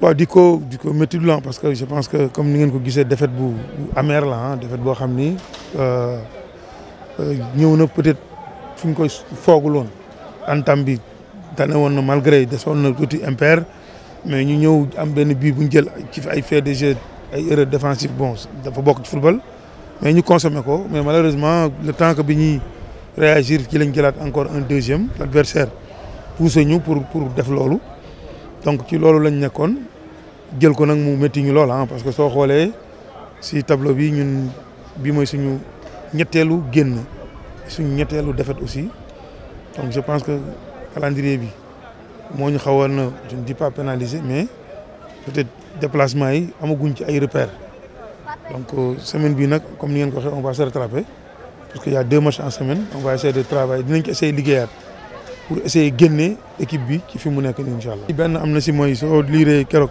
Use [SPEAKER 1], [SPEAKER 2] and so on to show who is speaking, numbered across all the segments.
[SPEAKER 1] du coup du coup ko métti lan hein, parce que je pense que comme ni ngeen ko gisee défaite bu amère la ah défaite boo xam ni euh, euh, peut-être fu ñu koy foogul woon entame bi tane na malgré desoon na tuuti impair mais ñu ñëw am benn bii bu ñu ci ay fait de jeu ay erreur défensive bon dafa bokk ci football mais ñu consommé ko mais malheureusement le temps que bi réagir ci lañ jëlaat encore un deuxième l'adversaire poussé ñu pour pour def loolu donc ci loolu lañ nekkoon jël ko nak mu métti ñu lool ah, parce que soo xoolee si tableau bi ñun bi mooy suñu ñetteelu génn suñu ñetteelu défaite aussi donc je pense que calendrier bi moo ñu xawoon na je ne dis pas pénaliser, mais peut-être déplacement yi amaguñ ci ay repères donc euh, semaine bi nag comme ni ngeen ko waxee on va se rattraper parce que y a deux matchs en semaine on va essayer de travailler dinañ ko essayer liggéeyaat pour essayer génne équipe bi ci fi mu nekk nii incha allah. benn am na si mooy soo liiree keroog.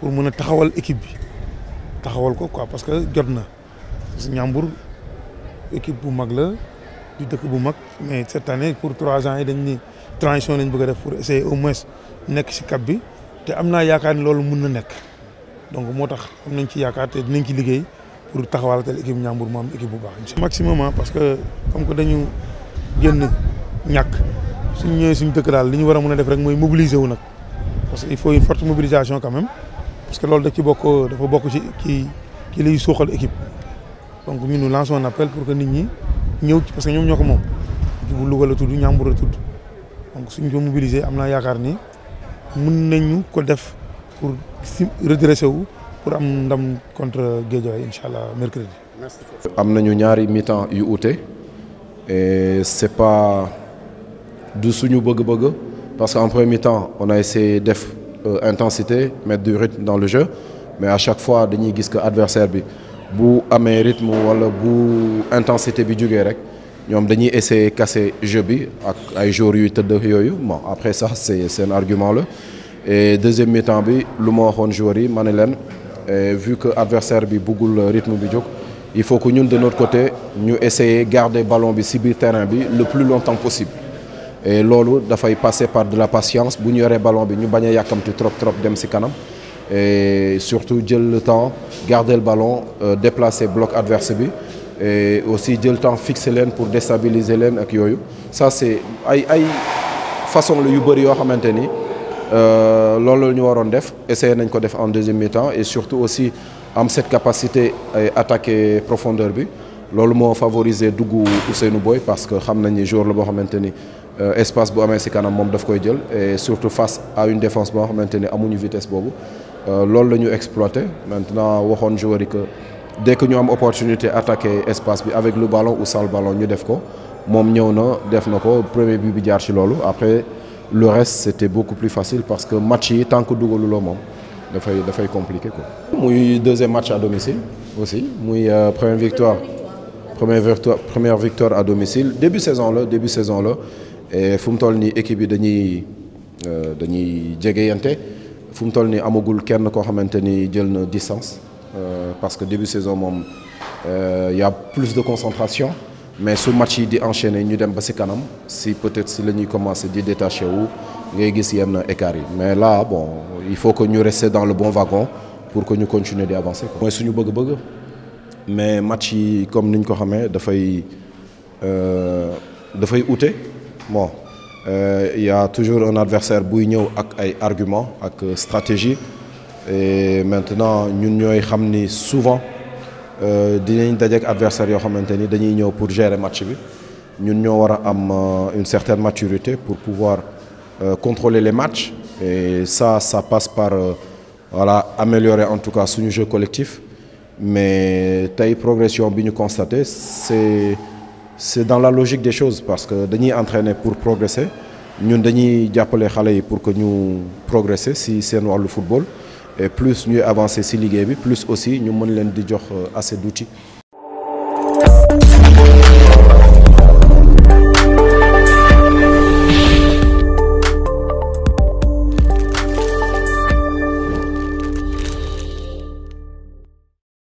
[SPEAKER 1] pour mën a taxawal équipe bi taxawal ko quoi parce que jot na parce équipe bu mag la di dëkk bu mag mais cette année pour trois ans yi dañ ni transition lañ bëgg a def pour essayer au moins nekk si cap bi te am naa yaakaar loolu donc moi tax am nañ ci yaakaar te dinañ ci liggéey pour taxawalatal équipe Ndiambour mu équipe bu baax maximum hein, parce que comme que dañu génn ñàkk suñ ñëwee suñ dëkk daal li ñu war a mën a def rek mobiliser wu parce que il faut une forte mobilisation quand même parce que loolu de ci bokk dafa bokk ci ci ci liy suuxal équipe donc nous nous lançons un appel pour que nit ñi ñëw parce que ñoom ñoo ko moom bu Louga la tudd Ñambur la tudd donc suñ ko mobiliser am naa yaakaar ni mën nañu ko def pour redresser ou pour am ndam contre Guédiawaye incha mercredi.
[SPEAKER 2] am nañu ñaari mi-temps yu ute et c'est pas du suñu bëgg-bëgg parce qu'en premier temps on a essayé def. Euh, intensité mettre du rythme dans le jeu mais à chaque fois dañuy voit que adversaire bi bu un rythme ou bu intensité bi jógee rek de casser le jeu bi ak ay joueurs de après ça c'est un argument et deuxième mi-temps bi lu joue joueurs vu que adversaire bi buggul rythme bi il faut que nous de notre côté essayions de garder le ballon terrain le plus longtemps possible et da fay passer par de la patience bu ñu yoré ballon bi ñu baña a trop trop dem ci kanam et surtout jël le temps garder le ballon euh, déplacer bloc adverse bi et aussi jël temps fixer leen pour déstabiliser leen ak yoyu ça c'est ay ay façon la yu bëri yo xamanteni euh, loolu ñu waron def essayer nañ ko def en deuxième mi-temps et surtout aussi am cette capacité euh, attaquer profondeur bi loolu mo favoriser dougou Ousseynou Boy parce que xam nañ ni joueur la bo xamanteni euh, espace bu amé ci kanam mom daf koy jël et surtout face à une défense boo xamante à amuñu vitesse boobu euh, loolu la ñu exploité maintenant waxoon joueur que dès que ñu am opportunité attaquer espace bi avec le ballon ou sans le ballon ñu def ko mom ñëw na def na premier but bi jaar ci loolu après le reste c'était beaucoup plus facile parce que match yi tant que da fay da fay compliqué quoi. muy deuxième match à domicile aussi muy euh, première victoire première victoire première victoire à domicile début saison là début saison là et fu mu toll équipe yi dañuy euh, dañuy jegeyante fu mu toll nii amagul kenn koo xamante ni na distance euh, parce que début saison il euh, y a plus de concentration mais ce match yi di enchaîner ñu dem ba si kanam si peut-être si la ñuy commencer di détacher wu ngay gis yenn écart yi mais là bon il faut que ñu rester dans le bon wagon pour que ñu continuer d'avancer. avancer quoi. mooy suñu bëgg-bëgg mais match yi comme ni ñu ko xamee dafay dafay outé. Euh, il y a toujours un adversaire qui a ak ay euh, stratégie et maintenant nous savons souvent euh, dinañ adversaire pour gérer match matchs ñun une certaine maturité pour pouvoir contrôler les matchs et ça ça passe par voilà améliorer en tout cas suñu jeu collectif mais la progression que nous constater. c'est c'est dans la logique des choses parce que nous entraîner pour progresser Nous dañuy appeler les pour que nous progressions si c'est noir le football et plus nous avancer si Ligue bi plus aussi nous mën euh, assez d'outils